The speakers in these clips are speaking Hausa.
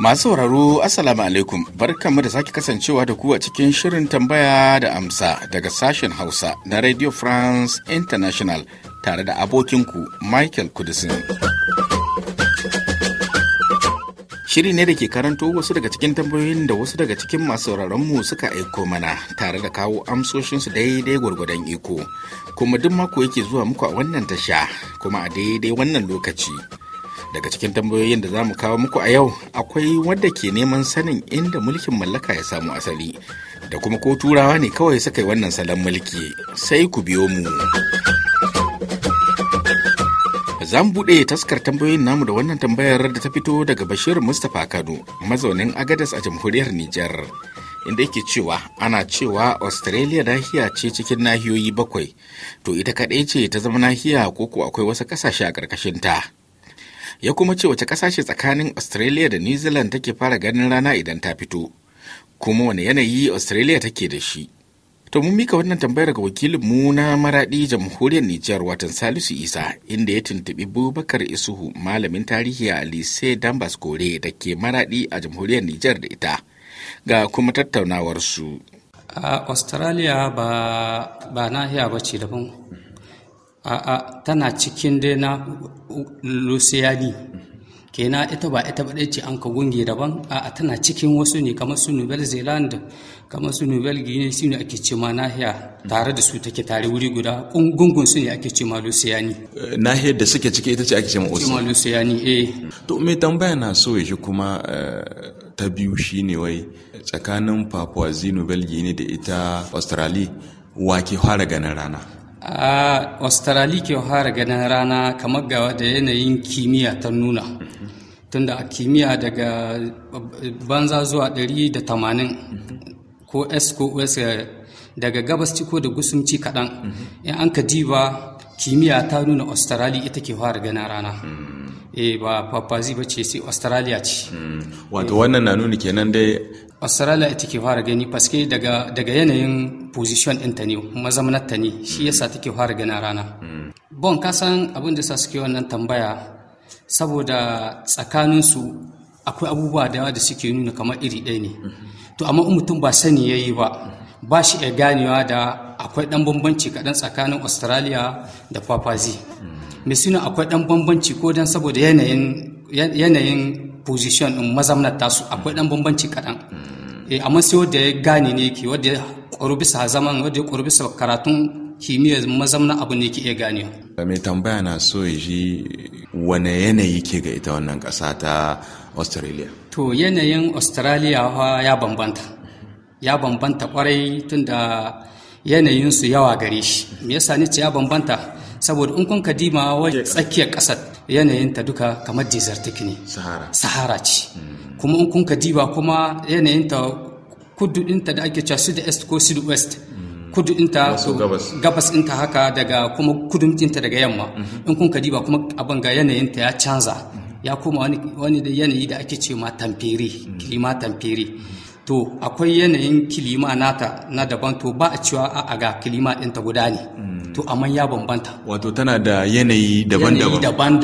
Masu sauraro Assalamu alaikum barkanmu da sake kasancewa da ku a cikin shirin tambaya da amsa daga sashen Hausa na Radio France International tare da abokinku Michael Kudisin. Shiri ne da ke karanto wasu daga cikin tambayoyin da wasu daga cikin masu mu suka aiko mana tare da kawo amsoshinsu daidai gwargwadon iko. Kuma duk mako yake zuwa muku a wannan tasha kuma a daidai wannan lokaci. daga cikin tambayoyin da za mu kawo muku a yau akwai wanda ke neman sanin inda mulkin mallaka ya samu asali da kuma ko turawa ne kawai suka yi wannan salon mulki sai ku biyo mu za mu buɗe taskar tambayoyin namu da wannan tambayar da ta fito daga bashir mustapha kano mazaunin agadas a jamhuriyar nijar inda yake cewa ana cewa australia nahiya ce cikin nahiyoyi bakwai to ita kaɗai ce ta zama nahiya ko ko akwai wasu ƙasashe a ƙarƙashinta ya kuma ce wace kasashe tsakanin Australia da New Zealand take fara ganin rana idan ta fito, kuma wane yanayi Australia take da shi. To mun mika wannan tambayar daga wakilin mu na maradi jamhuriyar Nijar watan Salisu Isa inda ya tuntubi Bubakar Isuhu malamin tarihi a Lise Dambas gore da ke maradi a jamhuriyar Nijar da ita ga kuma tattaunawar su. A Australia ba, ba nahiya ba ce daban. a'a tana cikin dai na lusiyani kenan ita ba ita ba ce an ka gunge daban a'a tana cikin wasu ne kamar su nouvelle zealand kamar su nouvelle guinea su ne ake ce ma nahiya tare da su take tare wuri guda gungun su ne ake ce ma lusiyani eh, nahiyar da suke ciki ita ce ake ce ma lusiyani eh to me tambaya na so ya shi kuma eh, ta biyu shine wai tsakanin papua new guinea da ita australia wa ke fara ganin rana a Australia ke fara ganin rana kamar ga da yanayin kimiyya ta nuna tunda a kimiyya daga banza zuwa 180 ko s ko s daga gabas ciko da gusumci kaɗan in an ka diba kimiyya ta nuna australia ita ke fara ganin rana e ba papazi ba ce sai australia ce hmm. wato wannan na nuni kenan dai australia ita ke fara gani paske daga yanayin position ɗinta ne mazamnatta ne shi yasa hmm. take fara gana rana hmm. bon kasan abin da sa suke wannan tambaya saboda tsakaninsu akwai abubuwa da yawa da suke nuna kamar iri ɗaya ne to amma in mutum ba sani ya yi ba ba shi iya ganewa da akwai ɗan bambanci kaɗan tsakanin australia da papazi misino akwai dan bambanci ko dan saboda yanayin yanayin position din mazamnar tasu akwai dan bambanci kaɗan eh, amma sai wanda ya gane ne ke wanda ya ƙwaru bisa zaman wanda ya ƙwaru bisa karatun kimiyya mazamna abu ne ke iya gane. mai tambaya na so ya ji wane yanayi ke ga ita wannan ƙasa ta australia to yanayin australia ya bambanta ya bambanta kwarai tunda yanayinsu yawa gare shi me yasa ni ce ya bambanta saboda in kun kadima wajen tsakiyar ƙasar yanayinta duka kamar desertic ne sahara ce hmm. kuma in kun kadiba kuma yanayinta kudu ɗinta da ake cewa sud est ko sud west hmm. kudu inta gabas inta haka daga kuma kudun inta daga yamma hmm. in kun kadiba kuma abin ga yanayinta ya canza ya koma wani da yanayi da ake ce ma tamfere kilima tamfere to akwai yanayin kilima nata na daban to ba a cewa a ga kilima ɗinta guda ne to amma ya bambanta wato tana da yanayi daban-daban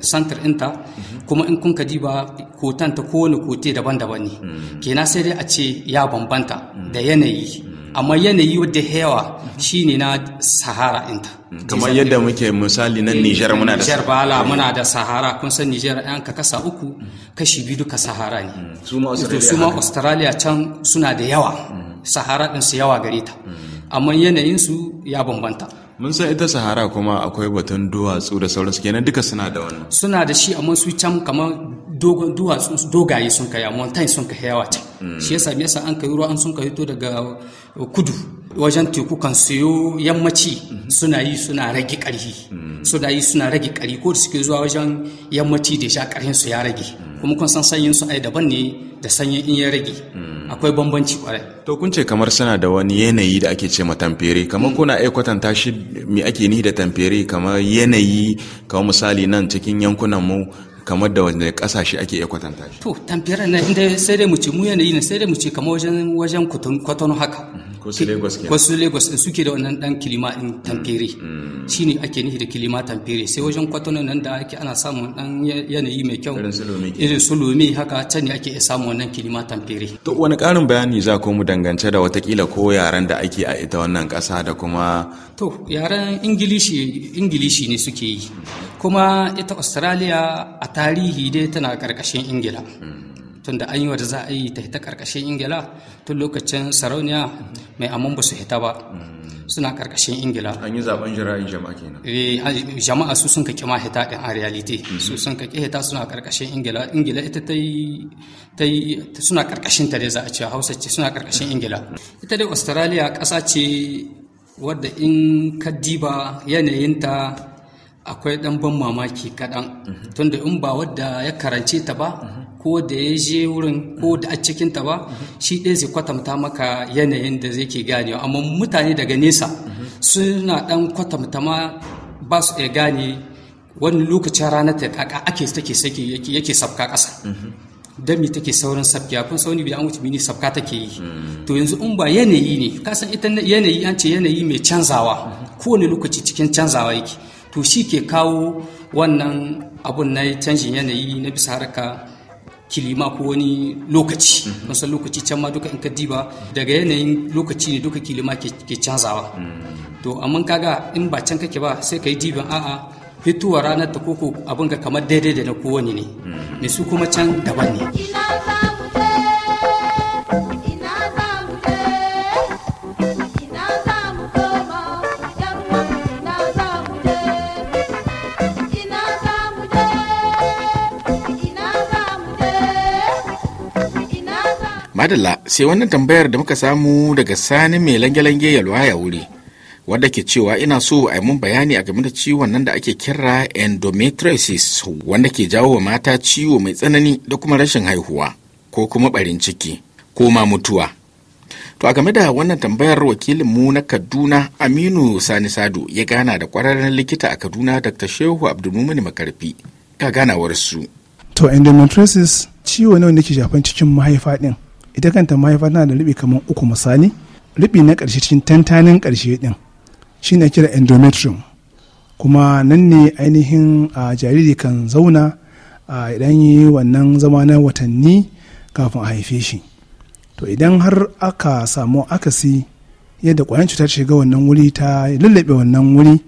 santar inta mhm. kuma in kun ka diba kotan ta kowane kote daban-daban ne mhm. kenan sai dai a ce ya bambanta mhm. da yanayi amma yanayi wadda yawa shine na sahara inta kamar yadda muke misali nan eh, nijar muna da nijar bala eh. muna da sahara kun san nijar an ka kasa uku kashi biyu duka sahara ne su ma australia can suna da yawa sahara din su yawa gare ta amma yanayinsu ya bambanta mun san ita sahara kuma akwai batun duwatsu da sauransu kenan duka suna da wannan suna da shi amma su can kamar duwatsu dogaye sun kai amma sun kai yawa can hmm. shi yasa me yasa an kai ruwa an sun kai to daga kudu wajen teku kan sayo yammaci mhm. suna yi suna rage ƙarfi mhm. suna yi suna rage ƙarfi ko da suke zuwa wajen yammaci da sha ƙarfin su ya rage mhm. kuma kun san sanyin su ai daban ne da sanyin in ya rage akwai bambanci kwarai to kun ce kamar suna da wani yanayi da ake ce ma tamfere kamar mm. kuna iya kwatanta shi me ake ni da tamfere kamar yanayi kamar misali nan cikin yankunan mu kamar da wanda kasashe ake iya kwatanta shi to tamfere na inda sai dai mu ce mu yanayi ne sai dai mu ce kamar wajen wajen haka su lagos din eh, suke da wannan dan kilima din shi mm. mm. shine ake nufi da kilima tampere sai wajen kwatano nan da ake ana samun dan yanayi mai kyau irin su lomi haka can ne ake samun wannan kilima tampere to wani karin bayani za ku mu dangance da watakila ko yaren da ake a ita wannan kasa da kuma to yaren ingilishi ingilishi ne suke yi mm. kuma ita australia a tarihi dai tana karkashin ingila tunda an yi wata za a yi ta hita karkashin ingila tun lokacin sarauniya mai amman ba su hita ba suna karkashin ingila an yi zaben jira'in jama'a kenan eh, jama'a su sun kaki ma hita in a reality su sun kaki hita suna karkashin ingila ingila ita ta yi ta yi suna karkashin ta dai za a ce hausa ce suna karkashin ingila ita dai australia ƙasa ce wadda in ka diba yanayinta akwai ɗan ban mamaki kaɗan tunda in ba wadda ya karance ta ba ko da ya je wurin ko da a cikin ta ba shi ɗaya zai kwatanta maka yanayin da zai ke ganewa amma mutane daga nesa suna ɗan kwatanta ma ba su iya gane wani lokacin rana ta kaka ake take sake yake sabka ƙasa don me take saurin sabka kun sauni an wuce mini sabka take yi mm. to yanzu in ba yanayi ne kasan ita yanayi an ce yanayi mai canzawa kowane lokaci cikin canzawa yake to shi ke kawo wannan abun na canjin yanayi na bisa haraka kilima ko wani lokaci masu mhm. lokaci can ma duka in ka diba daga yanayin lokaci ne duka kilima ke canzawa mm. to amma kaga in ba can kake ba sai ka yi dibin a'a fitowa ranar ta koko abin ga kamar daidai da na kowane ne mai mm. su kuma can daban ne Madalla sai wannan tambayar da muka samu daga sani mai lange-lange ya ya wuri wadda ke cewa ina so a mun bayani a game da ciwon nan da ake kira endometriosis wanda ke jawo wa mata ciwo mai tsanani da kuma rashin haihuwa ko kuma barin ciki ko ma mutuwa. To a game da wannan tambayar wakilin mu na Kaduna Aminu Sani sadu ya gana da kwararren likita a Kaduna Dr. Shehu Abdulmumin Makarfi ga su. To endometriosis ciwo ne wanda ke shafan cikin mahaifa ɗin. ita kanta mahaifa tana da rubi kamar uku misali ruɓi na ƙarshe cikin tantanin ƙarshe ɗin shi ne kira endometrium kuma nan ne ainihin a jariri kan zauna a idan yi wannan zama na watanni kafin a haife shi to idan har aka samu akasi yadda kwayan cutar shiga wannan wuri ta lullaɓe wannan wuri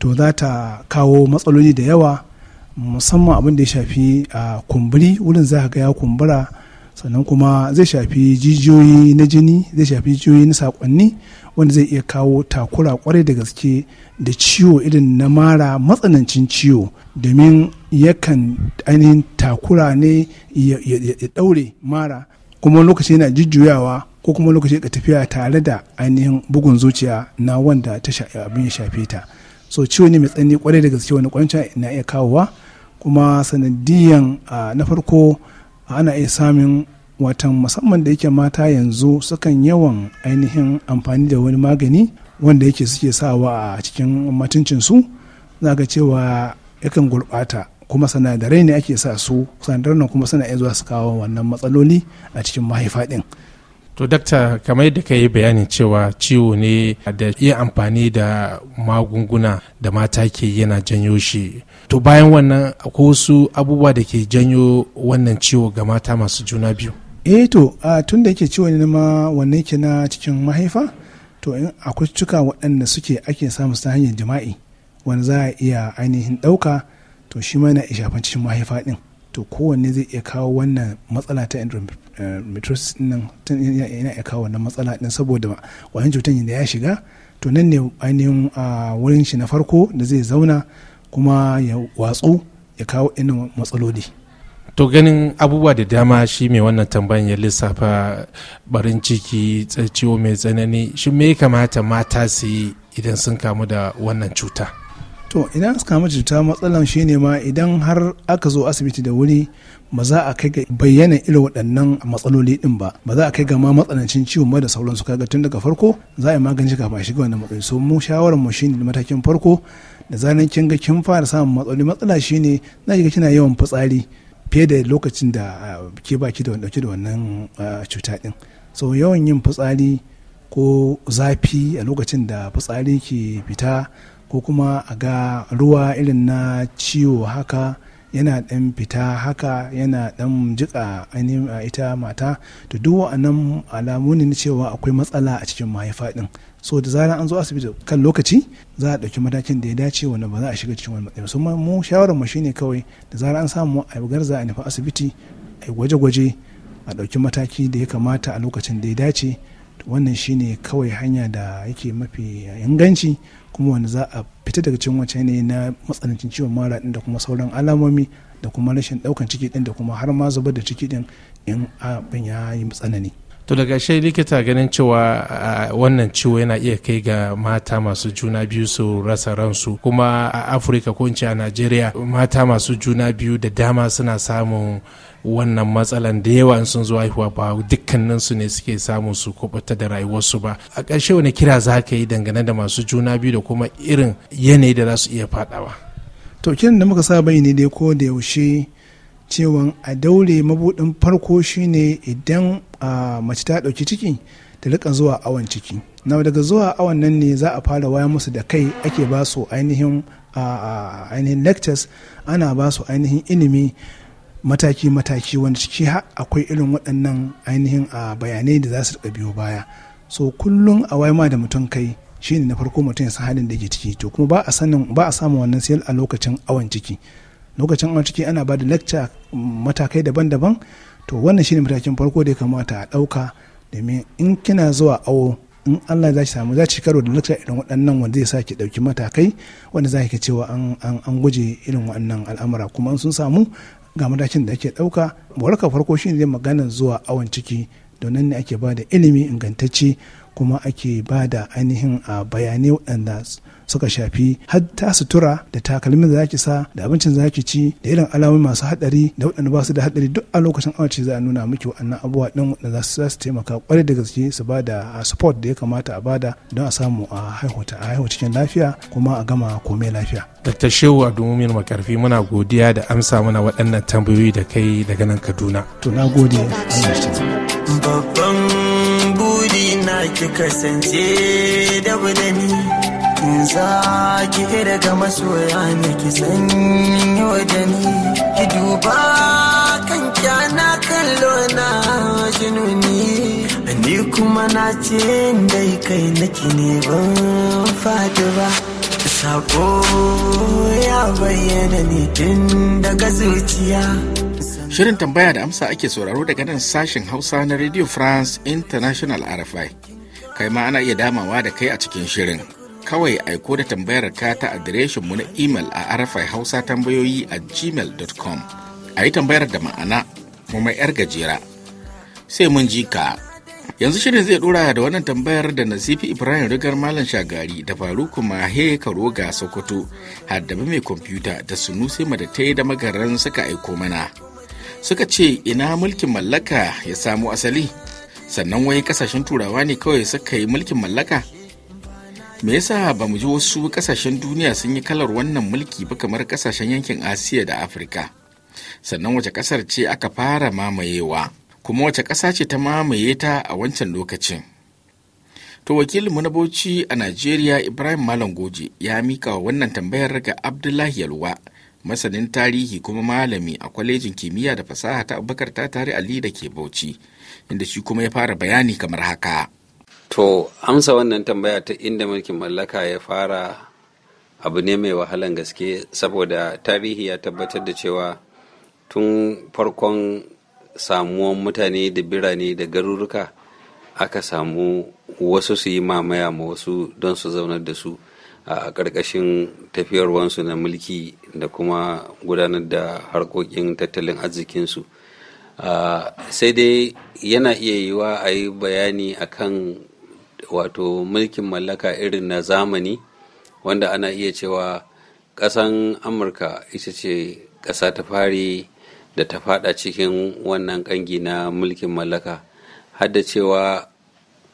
to za ta kawo matsaloli da yawa musamman abin da ya shafi a kumburi wurin za ka ga ya kumbura sannan kuma zai shafi jijiyoyi na jini zai shafi jijiyoyi na sakonni wanda zai iya kawo takura kwarai da gaske da ciwo irin na mara matsanancin ciwo domin yakan ainihin takura ne ya daure mara kuma lokaci yana jijiyoyawa, ko kuma lokaci ka tafiya tare da ainihin bugun zuciya na wanda ta abin ya shafe ta so ciwo ne mai tsanani kwarai da gaske wani kwanci na iya kawowa kuma sanadiyan ah, na farko ana iya samun watan musamman da yake mata yanzu sukan yawan ainihin amfani da wani magani wanda yake suke sawa a cikin matuncinsu za ga cewa yakan gurɓata kuma sanadarai ne ake sa su sanadarai kuma suna iya zuwa su kawo wannan matsaloli a cikin mahaifa ɗin to dakta kamar yadda ka yi bayanin cewa ciwo ne da iya amfani da magunguna da mata ke yana janyo shi to bayan wannan akwai wasu abubuwa da ke janyo wannan ciwo ga mata masu juna biyu eh to a tun da yake ciwo ne ma wannan ke na cikin mahaifa to in akwai cuka waɗanda suke ake samu ta hanyar jima'i wanda za a iya ainihin ɗauka to shi ma yana shafan cikin mahaifa ɗin to kowanne zai iya kawo wannan matsala ta endometriosis eh, nan yana iya kawo wannan matsala din saboda kwayan cutan da ya shiga to nan ne ainihin wurin shi na farko da zai zauna kuma ya watsu ya kawo irin matsaloli to ganin abubuwa da dama shi mai wannan tambayan ya lissafa barin ciki ciwo mai tsanani shi me kamata mata su yi idan sun kamu da wannan cuta to idan aka kama cuta matsalan shi ne ma idan har aka zo asibiti da wuri ba za a kai ga bayyana irin waɗannan matsaloli din ba ba za a kai ga ma matsanancin ciwon ba da sauransu kaga tun daga farko za a yi magani kafin shiga wannan matsayi so mu shawarar mu shine matakin farko da zanen kin ga kin fara samun matsaloli matsala shine za ga kina yawan fitsari fiye da lokacin da ke baki da dauke da wannan cuta din so yawan yin fitsari ko zafi a lokacin da fitsari ke fita ko kuma a ga ruwa irin na ciwo haka yana ɗan fita haka yana ɗan jiƙa a ita mata to duk wa'annan alamu ne na cewa akwai matsala a cikin mahaifa ɗin so da zarar an zo asibiti kan lokaci za a ɗauki matakin da ya dace wanda ba za a shiga cikin wani matsayi so mu shawarar mu shine kawai da zarar an samu a garza a nufi asibiti a gwaje-gwaje a ɗauki mataki da ya kamata a lokacin da ya dace wannan shine kawai hanya da yake mafi inganci kuma wanda za a fita daga cikin wancan yanayi na matsanancin ciwon mara din da kuma sauran alamomi da kuma rashin daukan ciki din da kuma har ma zubar da ciki din in abin ya yi tsanani to daga shai likita ganin cewa wannan ciwo yana iya kai ga mata masu juna biyu su rasa ransu kuma a afirka ko a najeriya mata masu juna biyu da dama suna samun wannan matsalan da yawa sun zo haihuwa ba dukkanin su ne suke samu su kubuta da rayuwarsu ba a ƙarshe wani kira za ka yi dangane da masu juna biyu da kuma irin yanayi da za su iya faɗawa to kiran da muka saba ne dai ko da yaushe cewa a daure mabudin farko shine idan mace ta dauki ciki ta rika zuwa awon ciki na daga zuwa awon nan ne za a fara waya musu da kai ake ba su ainihin ainihin lectures ana ba su ainihin ilimi mataki-mataki wanda ciki ha akwai irin waɗannan ainihin bayanai da za su biyo baya so kullum a ma da mutum kai shine na farko mutum ya san halin da ke ciki to kuma ba a sanin samun wannan siyar a lokacin awon ciki lokacin awon ciki ana ba da lecture matakai daban-daban to wannan shine matakin farko da ya kamata a ɗauka domin in kina zuwa awo in Allah za shi samu za shi karo da lecture irin waɗannan wanda zai sa ɗauki matakai wanda za ki cewa an guje irin waɗannan al'amura kuma sun samu ga matakin da ake ɗauka warka farko shine zai magana zuwa awon ciki nan ne ake ba da ilimi ingantacce kuma ake ba da ainihin a bayanai waɗanda suka shafi har ta sutura da takalmin da zaki sa da abincin da zaki ci da irin alamomi masu hadari da waɗanda ba su da hadari duk a lokacin awace za a nuna miki waɗannan abubuwa ɗin waɗanda za su taimaka kwarai da gaske su ba da support da ya kamata a bada don a samu a haihuta a haihu cikin lafiya kuma a gama komai lafiya. Dr. Shehu Adumomin Makarfi muna godiya da amsa mana waɗannan tambayoyi da kai daga nan Kaduna. To na gode. buri na ki kasance da budani in za ki daga masoya ne ki san yau da ki duba kan kyana kallo na jinuni ni kuma na ce dai kai naki ne ban fadi ba sako ya bayyana ni tun daga zuciya Shirin tambaya da amsa ake sauraro daga nan sashen Hausa na Radio France International RFI. Kai ma ana iya damawa da kai a cikin shirin. Kawai aiko da tambayar ka ta adireshin mu na imel a RFI Hausa tambayoyi a gmail.com. A yi tambayar da ma'ana kuma yar gajera. Sai mun ji ka. Yanzu shirin zai dora da wannan tambayar da Nasifi Ibrahim Rigar Malam Shagari da Faruku Mahe ga Sokoto, haddaba mai kwamfuta da Sunusi Madatai da magaran suka aiko mana. suka ce ina mulkin mallaka ya samo asali sannan wai kasashen turawa ne kawai suka yi mulkin mallaka me yasa ba mu ji wasu kasashen duniya sun yi kalar wannan mulki ba kamar kasashen yankin asiya da afirka sannan wace kasar ce aka fara mamayewa kuma wace kasa ce ta mamaye ta a wancan lokacin to wakilinmu na bauchi a najeriya ibrahim malam goji ya mika wa wannan tambayar ga abdullahi yalwa masanin tarihi kuma malami a kwalejin kimiyya da fasaha ta abubakar ta tare ali da ke bauchi inda shi kuma ya fara bayani kamar haka to amsa wannan tambaya ta inda mulkin mallaka ya fara abu ne mai wahalan gaske saboda tarihi ya tabbatar da cewa tun farkon samuwan mutane da birane da garuruka aka samu wasu su yi mamaya ma wasu don su zaunar da su a ƙarƙashin tafiyarwansu na mulki da kuma gudanar da harkokin tattalin arzikinsu sai dai yana iya yiwa a yi bayani akan wato mulkin mallaka irin na zamani wanda ana iya cewa ƙasan amurka ita ce ƙasa ta fari da ta fada cikin wannan ƙangi na mulkin mallaka hadda cewa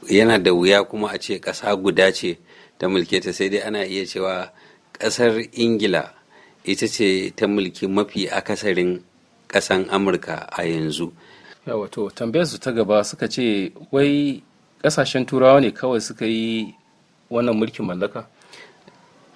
yana da wuya kuma a ce ƙasa guda ce ta mulke ta sai dai ana iya cewa ƙasar ingila ita ce ta mulki mafi akasarin ƙasan amurka a yanzu wato tambayar su ta gaba suka ce wai ƙasashen turawa ne kawai suka yi wannan mulkin mallaka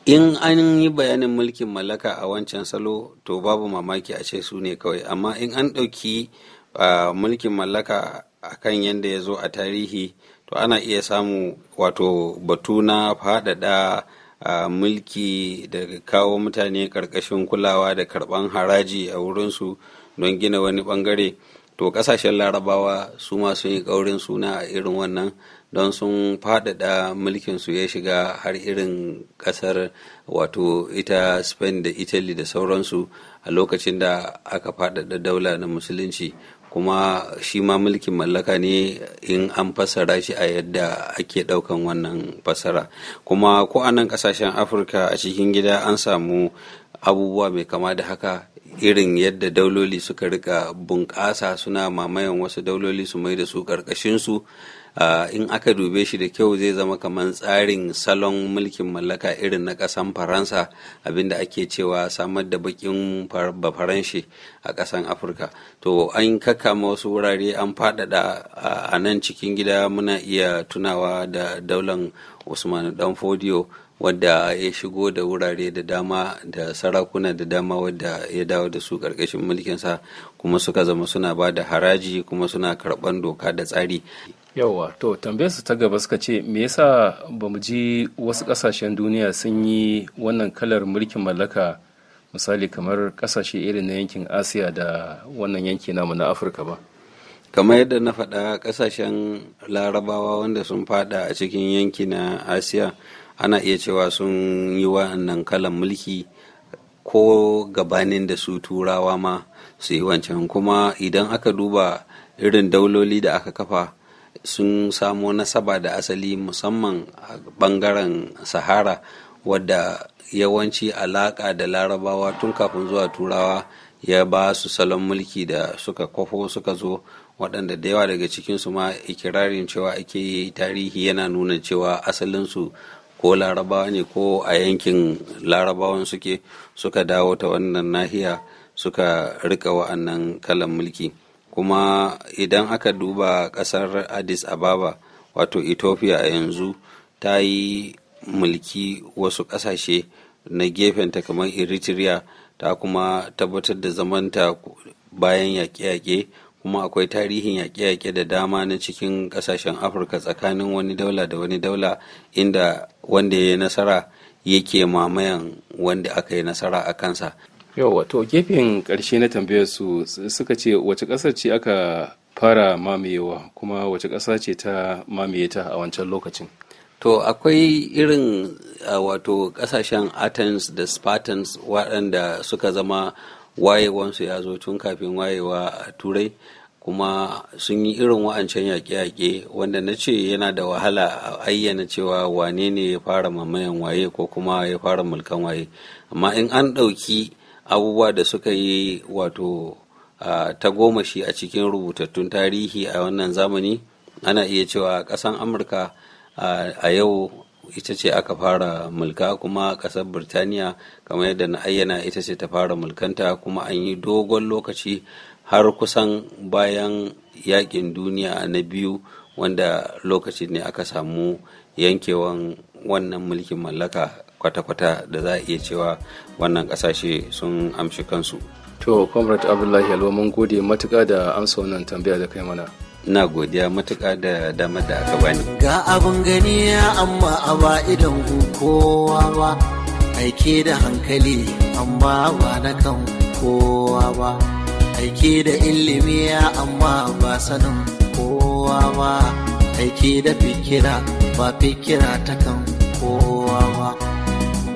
in an yi bayanin mulkin mallaka a wancan salo to babu mamaki a ce su ne kawai amma in an ɗauki ah, mulkin mallaka a kan yadda ya zo a tarihi to ana iya samu wato batu na faɗaɗa a mulki da kawo mutane ƙarƙashin kulawa da karɓan haraji a wurinsu don gina wani ɓangare to ƙasashen larabawa su ma sun yi ƙaurin suna a irin wannan don sun faɗaɗa mulkinsu ya shiga har irin ƙasar wato ita spain da italy da sauransu a lokacin da aka faɗaɗa daula na musulunci kuma shi ma mulkin mallaka ne in an fassara shi a yadda ake ɗaukan wannan fassara kuma ko a nan ƙasashen afirka a cikin gida an samu abubuwa mai kama da haka irin yadda dauloli suka rika bunƙasa suna mamayan wasu dauloli su mai da su ƙarƙashinsu Uh, in aka dube shi da kyau zai zama kamar tsarin salon mulkin mallaka irin na ƙasan faransa abinda ake cewa samar da bakin bafaranshe a ƙasan afirka to an kakkama wasu wurare an faɗaɗa uh, a nan cikin gida muna iya tunawa da daular usman dan fodiyo wadda ya shigo da wurare da dama da sarakuna da dama wadda ya dawo da su ƙarƙashin mulkinsa kuma suka zama suna ba da haraji kuma suna karɓan doka da tsari yauwa to su ta gaba suka ce me yasa ba mu ji wasu kasashen duniya sun yi wannan kalar mulkin mallaka misali kamar kasashe irin na yankin asiya da wannan yanki namu na afirka ba kamar yadda na faɗa kasashen larabawa wanda sun fada a cikin yanki na asiya ana iya cewa sun yi wannan kalan mulki ko gabanin da su turawa ma su yi wancan kuma idan aka duba irin dauloli da aka kafa sun samo nasaba da asali musamman a bangaren sahara wadda yawanci alaƙa da larabawa tun kafin zuwa turawa ya ba su salon mulki da suka kwafo suka zo waɗanda da yawa daga cikinsu ma ikirarin cewa ake yi tarihi yana nuna cewa asalinsu ko larabawa ne ko a yankin larabawan suke suka dawo ta wannan nahiya suka rika wa'annan kalan mulki kuma idan aka duba ƙasar addis ababa wato ethiopia a yanzu ta yi mulki wasu ƙasashe na gefenta kamar eritrea ta kuma tabbatar da zamanta bayan yaƙe-yaƙe kuma akwai tarihin yaƙe-yaƙe da dama na cikin ƙasashen afirka tsakanin wani daula da wani daula inda wanda ya yi nasara yake mamayan wanda aka yi nasara a kansa yau wato gefen ƙarshe na tambayar su suka ce wace ƙasar ce aka fara mamayewa kuma wace ƙasa ce ta mamaye ta a wancan lokacin to akwai irin wato ƙasashen athens da spartans waɗanda suka zama wayewansu ya zo tun kafin wayewa a turai kuma sun yi irin wa'ancan yaƙe-yaƙe wanda na ce yana da wahala a ayyana cewa wane ne ya fara mamayan waye ko kuma ya fara mulkan waye amma in an ɗauki abubuwa da suka yi wato ta goma shi a cikin rubutattun tarihi a wannan zamani ana iya cewa ƙasan amurka a yau ita ce aka fara mulka kuma ƙasar birtaniya kamar yadda na ayyana ita ce ta fara mulkanta kuma an yi dogon lokaci har kusan bayan yakin duniya na biyu wanda lokacin ne aka samu yankewan wannan mulkin mallaka kwata-kwata da za a iya cewa wannan ƙasashe sun amshi kansu. To, Comrade Abdullahi Alwa, mun gode matuƙa da amsa wannan tambaya da kai mana. Na godiya matuƙa da damar da aka bani. Ga abin gani amma a ba idan kowa ba, aike da hankali amma ba na kan kowa ba, aike da ilimi amma ba sanin kowa ba, aike da fikira ba fikira ta kan kowa ba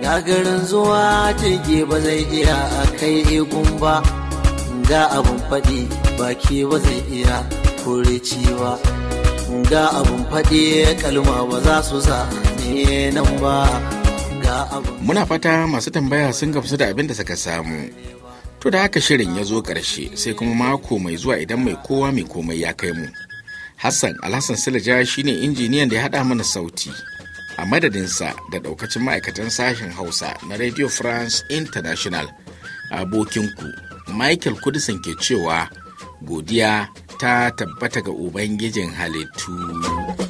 gagarin zuwa jirgi ba zai iya a kai egun ba ga abun faɗi baki ba zai iya kore cewa, ga abun faɗi kalma ba za su zane nan ba muna fata masu tambaya sun gamsu da abin da suka samu to da haka shirin ya zo ƙarshe sai kuma mako mai zuwa idan mai kowa mai komai ya kai mu hassan alhassan shi shine injiniyan da ya haɗa mana sauti a madadinsa da daukacin ma'aikatan sashen hausa na radio france international abokinku michael kudisan ke cewa godiya ta tabbata ga ubangijin halittu.